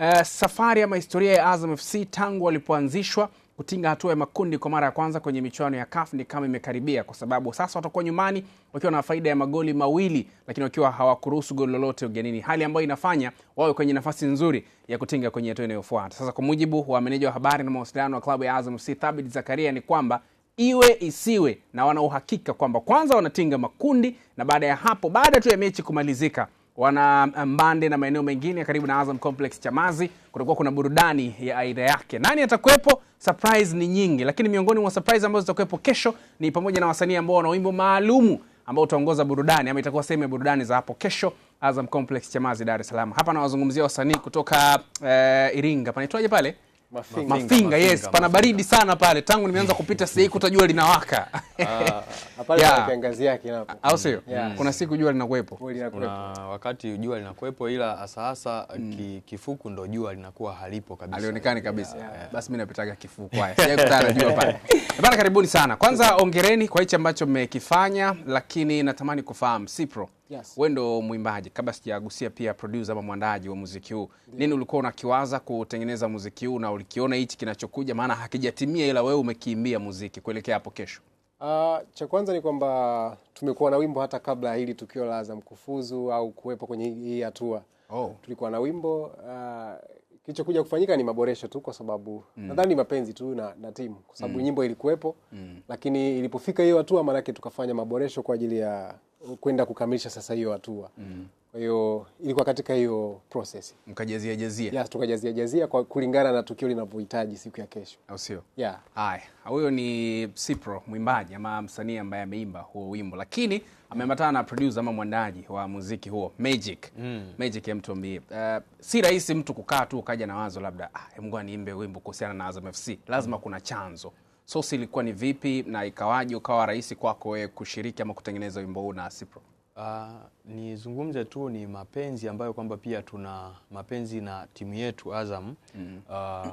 Uh, safari ama historia ya Azam FC tangu walipoanzishwa kutinga hatua ya makundi kwa mara ya kwanza kwenye michuano ya CAF ni kama imekaribia, kwa sababu sasa watakuwa nyumbani wakiwa na faida ya magoli mawili, lakini wakiwa hawakuruhusu goli lolote ugenini, hali ambayo inafanya wawe kwenye nafasi nzuri ya kutinga kwenye hatua inayofuata. Sasa kwa mujibu wa meneja wa habari na mawasiliano wa klabu ya Azam FC Thabit Zakaria ni kwamba iwe isiwe, na wana uhakika kwamba kwanza wanatinga makundi, na baada ya hapo, baada tu ya mechi kumalizika wana eh, Mbande na maeneo mengine karibu na Azam Complex Chamazi, kutakuwa kuna burudani ya aina yake. Nani atakuwepo? Surprise ni nyingi, lakini miongoni mwa surprise ambazo zitakuwepo kesho ni pamoja na wasanii ambao wana wimbo maalumu ambao utaongoza burudani ama itakuwa sehemu ya burudani za hapo kesho Azam Complex Chamazi, Dar es Salaam. Hapa nawazungumzia wasanii kutoka uh, Iringa, panaitwaje pale? Mafinga, Mafinga yes Mafinga, pana baridi sana pale, tangu nimeanza kupita sahii kutajua linawaka ah, ah, kiangazi yake hapo, au sio? Mm. Kuna siku jua linakuwepo, kuna wakati jua linakuwepo, ila hasahasa hasa mm. kifuku ndo jua linakuwa halipo kabisa, alionekani kabisa yeah, yeah. Basi mimi napitaga kifuku haya jua pale eh, bana. Karibuni sana kwanza, ongereni kwa hichi ambacho mmekifanya, lakini natamani kufahamu Cipro yes. Wewe ndo mwimbaji, kabla sijagusia pia producer ama mwandaji wa muziki huu yeah. Nini ulikuwa unakiwaza kutengeneza muziki huu na ulikiona hichi kinachokuja, maana hakijatimia, ila wewe umekiimbia muziki kuelekea hapo kesho? Uh, cha kwanza ni kwamba tumekuwa na wimbo hata kabla ya hili tukio la Azam kufuzu au kuwepo kwenye hii hatua oh. Tulikuwa na wimbo uh, kilichokuja kufanyika ni maboresho tu, kwa sababu mm. nadhani mapenzi tu na, na timu kwa sababu mm. nyimbo ilikuwepo mm. lakini ilipofika hiyo hatua, maanake tukafanya maboresho kwa ajili ya kwenda kukamilisha sasa hiyo hatua mm. Kwa hiyo ilikuwa katika hiyo process mkajazia jazia, yes, tukajazia jazia kwa kulingana na tukio linavyohitaji siku ya kesho, au sio? Yeah. Haya, huyo ni Cipro mwimbaji ama msanii ambaye ameimba huo wimbo, lakini ameambatana na producer ama mwandaji wa muziki huo Magic mm. Magic, mtu mbii uh, eh, si rahisi mtu kukaa tu ukaja na wazo labda ah, ngoja niimbe wimbo kuhusiana na Azam FC, lazima mm. kuna chanzo sosi ilikuwa ni vipi na ikawaje ukawa rahisi kwako wewe kushiriki ama kutengeneza wimbo huu na Cipro? Uh, ah, nizungumze tu ni mapenzi ambayo kwamba pia tuna mapenzi na timu yetu Azam. mm. Uh,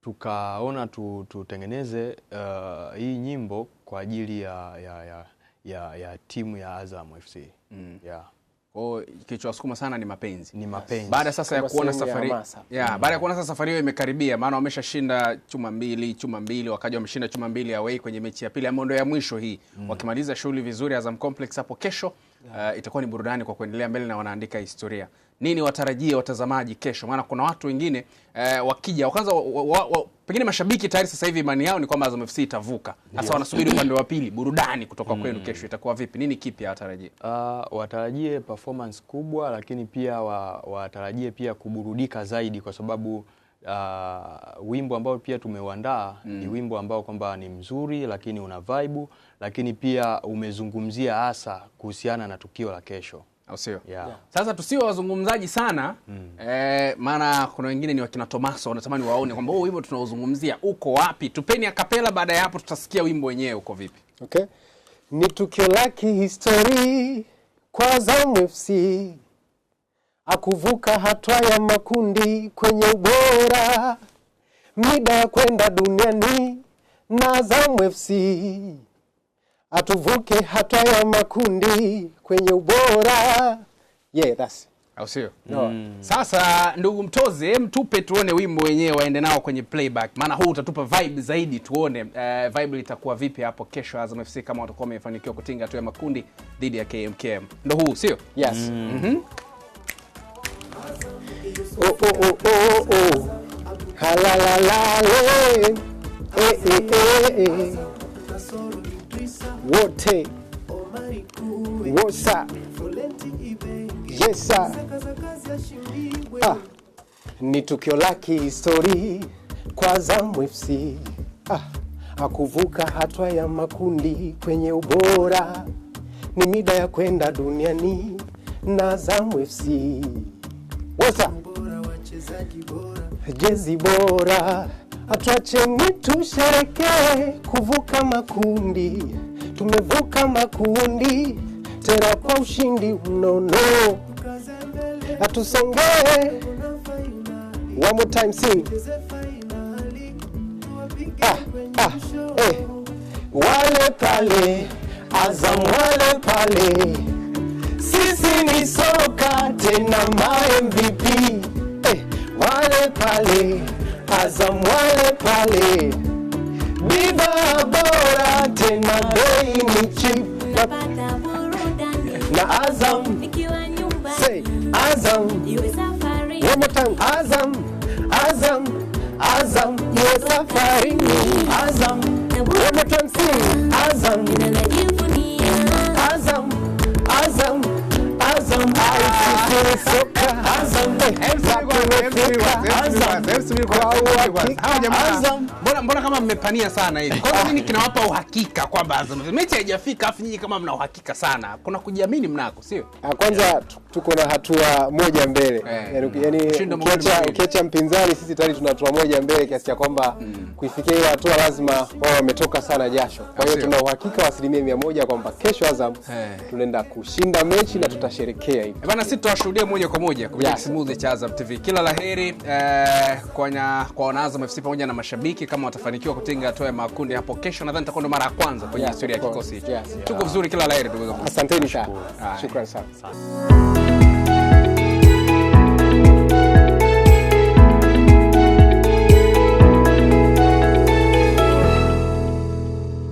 tukaona tu, tutengeneze uh, hii nyimbo kwa ajili ya, ya, ya, ya, ya timu ya Azam FC. mm. yeah. Kwa kilichowasukuma sana ni mapenzi. Ni mapenzi. Baada sasa ya kuona safari ya yeah, baada ya kuona sasa safari hiyo imekaribia maana wameshashinda chuma mbili, chuma mbili wakaja wameshinda chuma mbili away kwenye mechi ya pili ama ndio ya mwisho hii. Mm. Wakimaliza shughuli vizuri Azam Complex hapo kesho yeah. Uh, itakuwa ni burudani kwa kuendelea mbele na wanaandika historia. Nini watarajie watazamaji kesho? Maana kuna watu wengine uh, wakija wakaanza wa, wa, wa, pengine mashabiki tayari sasa hivi imani yao ni kwamba Azam FC itavuka sasa, yes. Wanasubiri upande wa pili burudani kutoka mm. kwenu. Kesho itakuwa vipi? Nini kipya watarajie? Uh, ah, watarajie performance kubwa, lakini pia watarajie pia kuburudika zaidi, kwa sababu uh, wimbo ambao pia tumeuandaa mm. ni wimbo ambao kwamba ni mzuri, lakini una vibe, lakini pia umezungumzia hasa kuhusiana na tukio la kesho au sio? yeah. yeah. Sasa tusiwe wazungumzaji sana mm. Eh, maana kuna wengine ni wakina Tomaso wanatamani waone kwamba huu oh, wimbo tunaozungumzia uko wapi. Tupeni akapela, baada ya hapo tutasikia wimbo wenyewe uko vipi. Okay, ni tukio la kihistori kwa Azam FC akuvuka hatua ya makundi kwenye ubora, mida ya kwenda duniani na Azam FC atuvuke hata ya makundi kwenye ubora yeah, that's au sio? No. Mm. Sasa ndugu Mtoze, mtupe tuone wimbo wenyewe waende nao kwenye playback, maana huu utatupa vibe zaidi, tuone uh, vibe litakuwa vipi hapo kesho Azam FC kama watakuwa wamefanikiwa kutinga tu ya makundi dhidi ya KMKM. Ndo huu sio? Yes. Mm. Mm -hmm. Oh, oh, oh, oh, oh. oh. Halalalale. Eh, eh, eh, eh. eh wote wosa yesa ah, ni tukio la kihistori kwa zamu FC ah, akuvuka hatua ya makundi kwenye ubora, ni mida ya kwenda duniani na zamu FC wosa jezi bora Hatuacheni tusherekee kuvuka makundi, tumevuka makundi tena kwa ushindi mnono, hatusongee. One more time sing. Ah, ah, eh. Wale pale Azam, wale pale, sisi ni soka tena ma MVP eh, wale pale Azam wale pale, bidhaa bora tena bei ni cheap na Azam say Azam one more time Azam Azam Azam iwe safari ni Azam one more time sing Azam Azam Azam Azam, Azam. Azam. Azam. Azam. Azam. Azam. Azam mbona mbona kama mmepania sana hivi? Kwanza nini ah. kinawapa uhakika kwamba Azam mechi haijafika, afu nyinyi kama mna uhakika sana, kuna kujiamini mnako, sio? Ah, kwanza tuko na hatua moja mbele yeah. Yani, yani ukiacha mpinzani, sisi tayari tuna hatua moja mbele kiasi cha kwamba mm. kuifikia ile hatua lazima wao wametoka sana jasho. Kwa hiyo tuna uhakika wa asilimia mia moja kwamba kesho Azam hey. Eh. tunaenda kushinda mechi mm. na tutasherekea hivi eh, bana, sisi tuwashuhudia moja kwa moja kupitia yes. Smooth cha Azam TV. Kila laheri eh, kwa kwa wanaazam FC pamoja na mashabiki kama watafanikiwa kutinga hatua ya makundi hapo kesho, nadhani itakuwa ndo mara ya kwanza kwenye historia yes, ya kikosi hicho yes, yeah. tuko vizuri, kila laheri ndugu zangu, asanteni sana, shukrani sana.